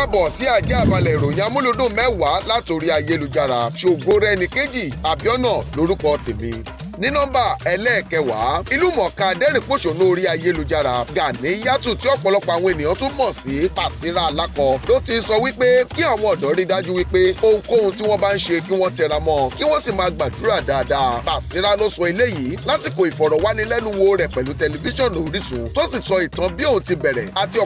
káàbọ̀ sí ajá àbálẹ̀ ìròyìn amúlòdùn mẹ́wàá látòrí ayélujára ṣògo rẹ́ni kejì àbíọ́nà lórúkọ tèmi ní nọ́mbà ẹlẹ́ẹ̀kẹwàá ìlúmọ̀ọ́ká dẹ́rìn-pọ̀ṣọ́nù orí ayélujára Ganiyatu tí ọ̀pọ̀lọpọ̀ àwọn ènìyàn tún mọ̀ sí Pàṣírà Alákọ ló ti sọ wípé kí àwọn ọ̀dọ́ rí dájú wípé ohunkóhun tí wọ́n bá ń ṣe kí wọ́n tẹra mọ́ kí wọ́n sì máa gbàdúrà dáadáa Pàṣírà ló sọ eléyìí lásìkò ìfọ̀rọ̀wánilẹ́nuwò rẹ̀ pẹ̀lú tẹlifíṣàn Orísun tó sì sọ ìtàn bí òun ti bẹ̀rẹ̀ àti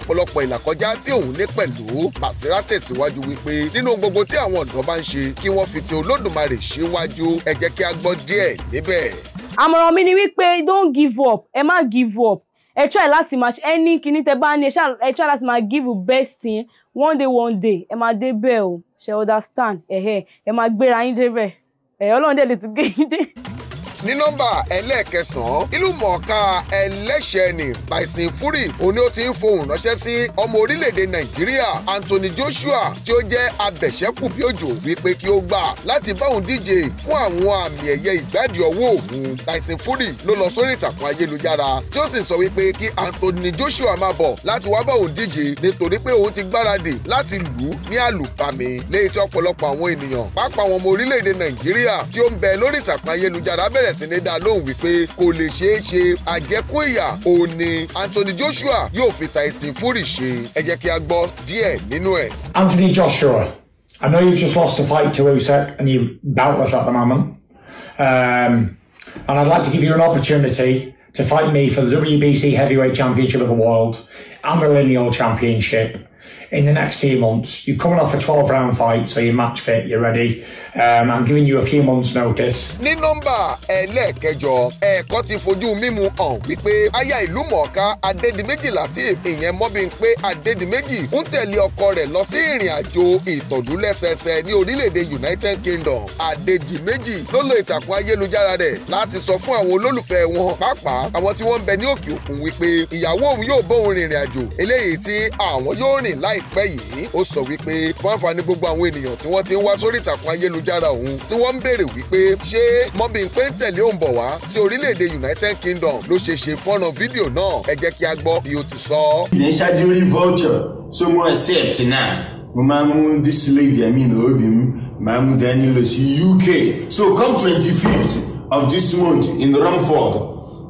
ẹ jẹ́ kí a gbọ́ díẹ̀ níbẹ̀ àmọ̀ràn mi ni wípé don't give up ẹ má give up ẹ try láti máa ṣe ẹni kíní tẹ bá ní ẹ try láti máa give you best thing one day one day ẹ máa dé bẹ́ẹ̀ o ṣe understand ẹ̀hẹ́ ẹ máa gbéra yín débẹ̀ ẹ̀ ọlọ́run dẹ̀ lè tún gbé yín dé ní nọ́mbà ẹlẹ́ẹ̀kẹsàn-án ìlú mọ̀ọ́ká ẹlẹ́ṣẹ̀ ni Tyson Fury òun ni ó ti ń fohùn ránṣẹ́ sí ọmọ orílẹ̀-èdè Nàìjíríà Anthony Joshua tí ó jẹ́ abẹ̀ṣẹ́kù bí òjò wípé kí ó gbà láti bá òun díje fún àwọn àmì ẹ̀yẹ ìgbádìí ọwọ́ òun Tyson Fury ló lọ sórí ìtàkùn ayélujára tí ó sì sọ wípé kí Anthony Joshua máa bọ̀ láti wá bá òun díje nítorí pé òun ti gbáradì láti lù ú ní àlùbami léyìí tí ọ̀pọ̀lọpọ̀ àwọn ènìyàn pàápàá àwọn ọmọ orílẹ̀-èdè Nàìjíríà tí ó ń bẹ lórí ìtàkùn ayélujára bẹ̀rẹ̀ lóhùn wípé kò lè ṣeé ṣe àjẹkù ìyà òun ni Anthony Joshua yóò fi ṣe ẹ jẹ́ kí a gbọ́ díẹ̀ nínú ẹ̀. Anthony Joshua, I know you've just lost a fight to Usyk and you're doubtless at the moment um, and I'd like to give you an opportunity to fight me for the WBC Heavyweight Championship of the World and the Lineal Championship. in the next few months. You're coming off a 12 round fight, so you're match fit, you're ready. Um, I'm giving you a few months' notice. ní nọ́mbà ẹlẹ́ẹ̀kẹjọ ẹ̀kọ́ ti fojú mímu hàn wípé aya ìlú mọ̀ọ́ká adédìméjì láti ìyẹn mọ́bí ń pé adédìméjì ń tẹ̀lé ọkọ rẹ̀ lọ sí ìrìn àjò ìtọ́jú lẹ́sẹẹsẹ ní orílẹ̀-èdè united kingdom adédìméjì ló lo ìtàkùn ayélujára rẹ̀ láti sọ fún àwọn olólùfẹ́ wọn pàápàá àwọn tí wọ́n ń bẹ ní òkè òkun wípé ìyàwó online láìpẹ́ yìí ó sọ wípé fún àǹfààní gbogbo àwọn ènìyàn tí wọ́n ti ń wá sórí ìtàkùn ayélujára òun tí wọ́n ń béèrè wípé ṣé Mobimpe ń tẹ̀lé òun bọ̀ wá sí orílẹ̀-èdè United Kingdom ló ṣe ṣe fọ́nà fídíò náà ẹ jẹ́ kí a gbọ́ bí ó ti sọ. ìyẹn ṣáájú rí vulture so mo accept now mo máa ń mú this lady ẹ̀mí ìnáwó máa mú dání lọ sí UK so come twenty fifth of this month in Romford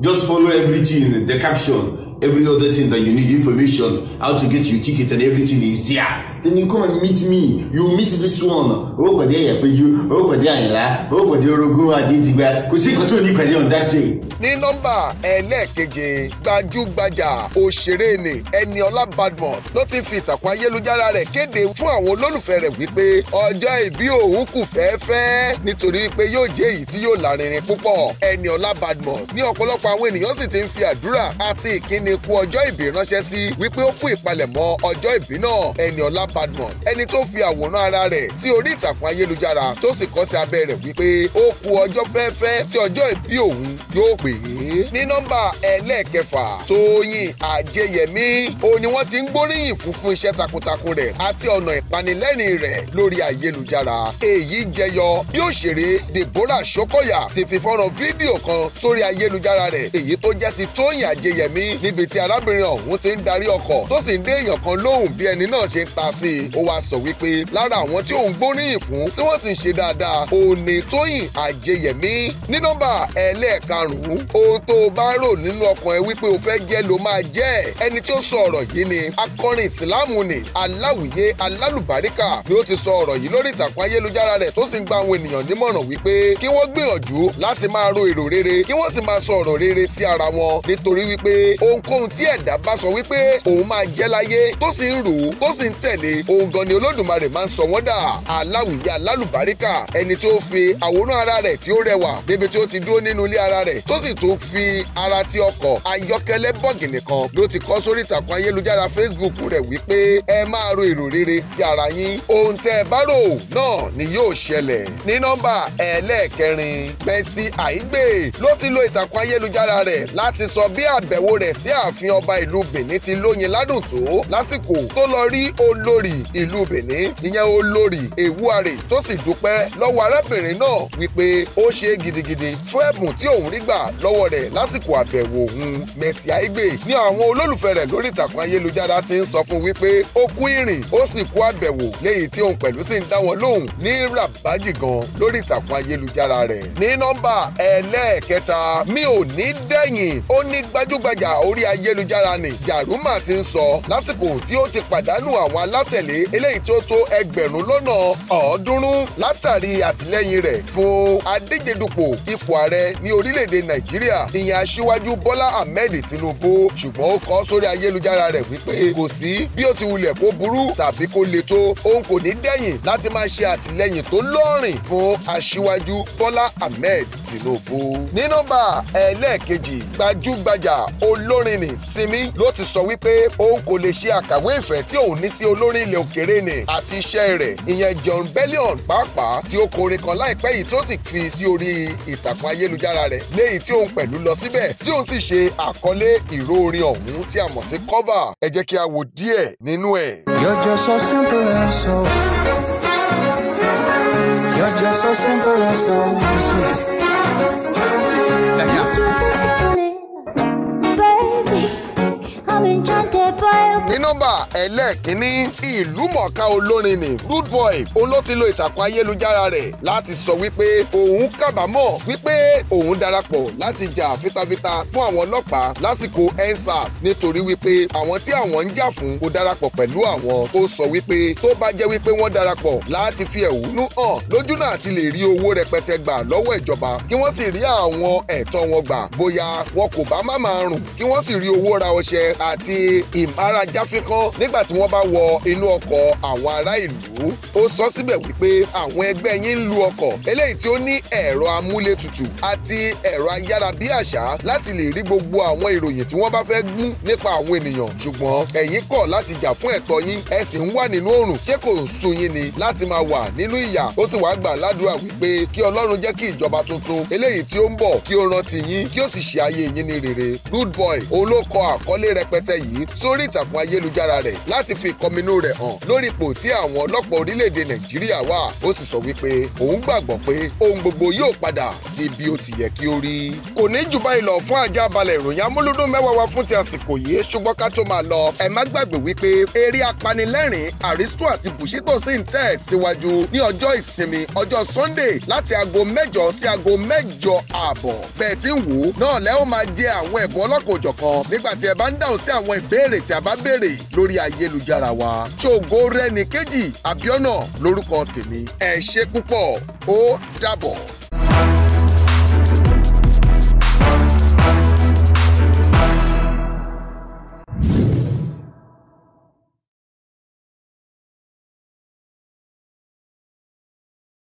just follow everything in the caption every other thing that you need information how to get your ticket and everything is there then you come and meet me you meet this one ó pàdé ẹ̀yàpéjú ó pàdé àyìnlá ó pàdé orogún àdìdìgbà kò sí nǹkan tó ní pẹ̀lú on that day. ní nọ́mbà ẹlẹ́ẹ̀keje gbajúgbajà òṣèré ni Ẹniọlá Badmus ló ti fi ìtàkùn ayélujára rẹ̀ kéde fún àwọn olólùfẹ́ rẹ̀ wípé ọjọ́ ìbí òun kù fẹ́ẹ́fẹ́ nítorí pé yóò jẹ́ èyí tí yóò lárinrin púpọ̀ Ẹniọlá Badmus ní ọ̀pọ̀lọpọ̀ àwọn ènìyàn sì ti ń fi àdúrà àti ìkíni kú ọjọ́ ìbí ránṣẹ́ sí wípé ó kú ìpalẹ̀mọ́ ọjọ́ ìbí náà Ẹniọlá Badmus ẹni tó fi àwòrán ara rẹ̀ sí orí ìtàkùn ayélujára tó sì kọ sí abẹ́ rẹ̀ wípé ó kù ọjọ́ fẹ́ẹ́fẹ́ tí ọjọ́ ìbí òun yóò pè é. ní nọ́mbà ẹlẹ́ẹ̀kẹfà Tóyìn Àjẹyẹmí ó ní wọ́n ti ń gbóríyìn fún fún iṣẹ́ takuntakun rẹ̀ àti ọ̀nà ìpanilẹ́rìn rẹ̀ lórí ayélujára èyí jẹyọ bí òṣèré Deborah Sokoya ti fi fọ́nrán fídíò kan sórí ayélujára rẹ̀ èyí tó jẹ́ ti Tóyìn Àjẹyẹmí níbi tí arábìnrin ọ̀hún ti ń darí ọkọ̀ tó sì ń dé èèyàn kan lóhùn bí ẹni náà ṣe ń ta sí sí i ó wáá sọ wípé lára àwọn tí òun gbóríyìn fún tí wọ́n sì ń ṣe dáadáa òun ni Tóyìn Àjẹyẹmí ní nọ́mbà ẹlẹ́ẹ̀karùn-ún ohun tó o bá rò nínú ọkàn ẹ wípé o fẹ́ jẹ́ ló máa jẹ́ ẹni tí ó sọ ọ̀rọ̀ yìí ni akọrin ìsìláàmù ni aláwìyé alálùbáríkà ni ó ti sọ ọ̀rọ̀ yìí lórí ìtàkùn ayélujára rẹ̀ tó sì ń gba àwọn ènìyàn nímọ̀ràn wípé kí wọ́n gbìyànjú láti máa ro èrò rere kí wọ́n sì máa sọ ọ̀rọ̀ rere sí ara wọn nítorí wípé ohunkóhun tí ẹ̀dá bá sọ wípé òun máa jẹ́ láyé tó sì ń rò ó tó sì ń tẹ̀lé òun gan ni olódùmarè máa ń sọ wọ́n dà aláwìyé alálùbáríkà ẹni tó fi àwòrán ara rẹ̀ tí ó rẹwà débi tí ó ti dúró nínú ilé ara rẹ̀ tó sì tún fi ara ti ọkọ̀ ayọ́kẹ́lẹ́ bọ̀gìnì kan ló ti kọ́ sórí ìtàkùn ayélujára Facebook rẹ̀ wípé ẹ máa ro èrò rere sí ara yín ohun tẹ́ ẹ bá rò náà ni yóò ṣẹlẹ̀ ní nọ́mbà ẹlẹ́ẹ̀kẹrin Mercy Aigbe ló ti lo ìtàkùn ayélujára rẹ̀ láti sọ bí àbẹ̀wò rẹ̀ sí ààfin ọba ìlú Benin ti lóyin ládùn tó lásìkò tó lọ rí olórí olórí ìlú Benin ìyẹn olórí Ewuare tó sì dúpẹ́ lọ́wọ́ arábìnrin náà wípé ó ṣe gidigidi fún ẹ̀bùn tí òun rí gbà lọ́wọ́ rẹ̀ lásìkò àbẹ̀wò òun Mercy Aigbe ní àwọn olólùfẹ́ rẹ̀ lórí ìtàkùn ayélujára ti ń sọ fún wípé ó kú ìrìn ó sì kú àbẹ̀wò léyìí tí òun pẹ̀lú sì ń dá wọn lóhùn ní ràbájì gan lórí ìtàkùn ayélujára rẹ̀ ní nọ́mbà ẹlẹ́ẹ̀kẹta mi ò ní dẹ́yìn ó ní gbajúgbajà orí ayélujára tẹ̀lé eléyìí tí ó tó ẹgbẹ̀rún lọ́nà ọ̀ọ́dúnrún látàrí àtìlẹ́yìn rẹ̀ fún adíjedupò ipò ààrẹ ní orílẹ̀-èdè nàìjíríà ìyẹn aṣíwájú bọ́lá ahmed tinubu ṣùgbọ́n ó kọ sórí ayélujára rẹ̀ wípé kò sí bí ó ti wulẹ̀ kó burú tàbí kó le tó òun kò ní dẹ́yìn láti máa ṣe àtìlẹ́yìn tó lọ́rìn fún aṣíwájú bọ́lá ahmed tinubu. ní nọ́mbà ẹlẹ́ẹ̀kejì gbajúgbajà olórin ní sinmi ló ti sọ wípé òun kò lè ṣe àkàwé ìfẹ́ tí òun ní sí olórin olórin ilẹ̀ òkèrè ni àti iṣẹ́ rẹ̀ ìyẹn John Bellion pàápàá tí ó kọrin kan láìpẹ́ yìí tó sì fi sí orí ìtàkùn ayélujára rẹ̀ léyìí tí òun pẹ̀lú lọ síbẹ̀ tí òun sì ṣe àkọlé ìró orin ọ̀hún tí a mọ̀ sí cover ẹ jẹ́ kí a wo díẹ̀ nínú ẹ̀. You're just so simple and so. ẹlẹ́ẹ̀kínní ìlú mọ̀ọ́ká olórin ni rude boy òun ló ti lo ìtàkùn ayélujára rẹ̀ láti sọ wípé òun kábàámọ̀ wípé òun darapọ̀ láti jà fitafita fún àwọn ọlọ́pàá lásìkò endsars nítorí wípé àwọn tí àwọn ń jà fún kò darapọ̀ pẹ̀lú àwọn ó sọ wípé tó bá jẹ́ wípé wọ́n darapọ̀ láti fi ẹ̀hónú hàn lójú náà ti lè rí owó rẹpẹtẹ gbà lọ́wọ́ ìjọba kí wọ́n sì rí àwọn ẹ̀tọ́ wọn gbà bóyá wọn kò bá má máa rùn kí wọ́n sì rí owó ra ọṣẹ àti ìmárajáfíkán níg nígbà tí wọ́n bá wọ inú ọkọ̀ àwọn ará ìlú ó sọ síbẹ̀ wípé àwọn ẹgbẹ́ yín ń lu ọkọ̀ eléyìí tí ó ní ẹ̀rọ amúlétutù àti ẹ̀rọ ayárabíàṣá láti lè rí gbogbo àwọn ìròyìn tí wọ́n bá fẹ́ gún nípa àwọn ènìyàn ṣùgbọ́n ẹ̀yin kọ̀ láti jà fún ẹ̀tọ́ yín ẹ sì ń wà nínú òrùn ṣé kò sùn yín ni láti máa wà nínú ìyà ó sì wáá gbà ládùúrà wípé kí ọlọ́run jẹ́ kí ìjọba tuntun eléyìí tí ó ń bọ̀ kí ó rántí yín kí ó sì ṣe ayé yín ní rere Rudeboy olókọ àkọlé rẹpẹtẹ yìí sórí ìtàkùn ayélujára rẹ̀ láti fi ìkọminú rẹ̀ hàn lórí ipò tí àwọn ọlọ́pàá orílẹ̀-èdè nàìjíríà wà ó sì sọ wípé òun gbàgbọ́ pé ohun gbogbo yóò padà sí bí ó ti yẹ kí ó rí. kò ní jù báyìí lọ fún ajá balẹ̀ ìròyìn amúlúdùn mẹ́wàá wa fún ti àsìkò yìí ṣùgbọ́n ká tó máa lọ ẹ má gbàgbé wípé eré apanilẹ́rìn àrísítò àti bùṣítò sì ń tẹ̀ síwájú ní ọjọ́ ìsinmi ọjọ́ sunday láti aago mẹ́jọ sí aago mẹ́jọ ààbọ̀ bẹ́ẹ̀ tí ń wò ó náà lẹ́ ó máa jẹ àwọn ẹ̀bùn ọlọ́kan-ò-jọ̀kan nígbà tí ẹ bá ń dáhùn sí àwọn ìbéèrè tí a bá béèrè lórí ay ayélujára wa ṣògo rẹni kejì abiona lórúkọ tèmi ẹ ṣe púpọ̀ ó dàbọ̀.